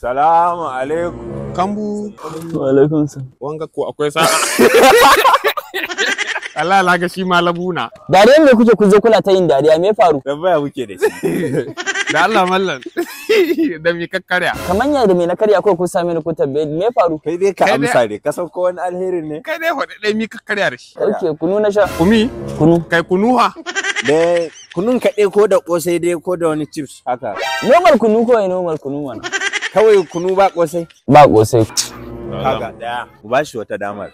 Salamu alaikum. Kambu. Wa alaikum Wanga ko akwai sa? Allah la ga shi malabu na. Dariyar me kuke kuje kula ta yin dariya me faru? Da baya muke da shi. Da Allah mallan. Da mi kakkarya. Kaman yadda me na karya ko kun same ni ku tambaye me faru? Kai dai ka amsa dai ka san ko wani alherin ne. Kai dai hoda dai mi kakkarya da shi. Oke kunu na sha. Kumi? Kunu. Kai kunu ha. Dai kunun dai ko da ƙosai dai ko da wani chips haka. Normal kunu ko normal kunu mana. Kawai kunu ba kosai? Ba kosai. Kaga daya. Ku ba shi wata damar.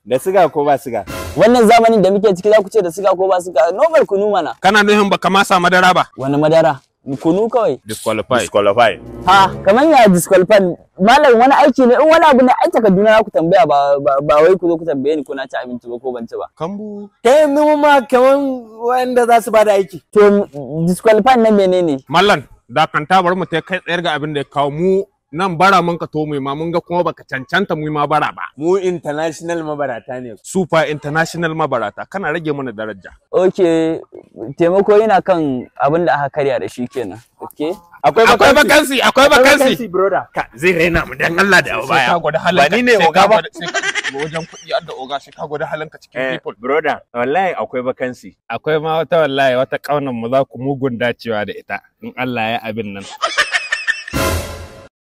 Da siga ko ba siga? Wannan zamanin da muke ciki za ku ce da siga ko ba siga normal kunu mana. Kana nufin baka ma sa madara ba? Wani madara? kunu kawai. Disqualify. Disqualify. Ha, kamar ya disqualify. Malam wani aiki ne in wani abu ne ai takarduna ku tambaya ba ba wai ku zo ku tambaye ni ko na ci abinci ba ko ban ci ba. Kambu. Kai mu ma kaman wanda za su bada aiki. To disqualify na menene? Mallan. dakanta bari mu ta kai tsayar ga abin da ya kawo mu nan bara mun ka to mu ma mun ga kuma baka cancanta mu ma bara ba mu international mabarata ne super international mabarata kana rage mana daraja okay taimako yana kan abin da aka karya da shi kenan okay akwai vacancy akwai vacancy brother ka zai raina mu dan Allah da baya ka gwada halin ba ni ne oga ba wajen kuɗi da oga sai ka gwada halin ka cikin eh, people brother wallahi akwai vacancy akwai ma wata wallahi wata kaunan mu za ku mugun dacewa da ita in Allah ya abin nan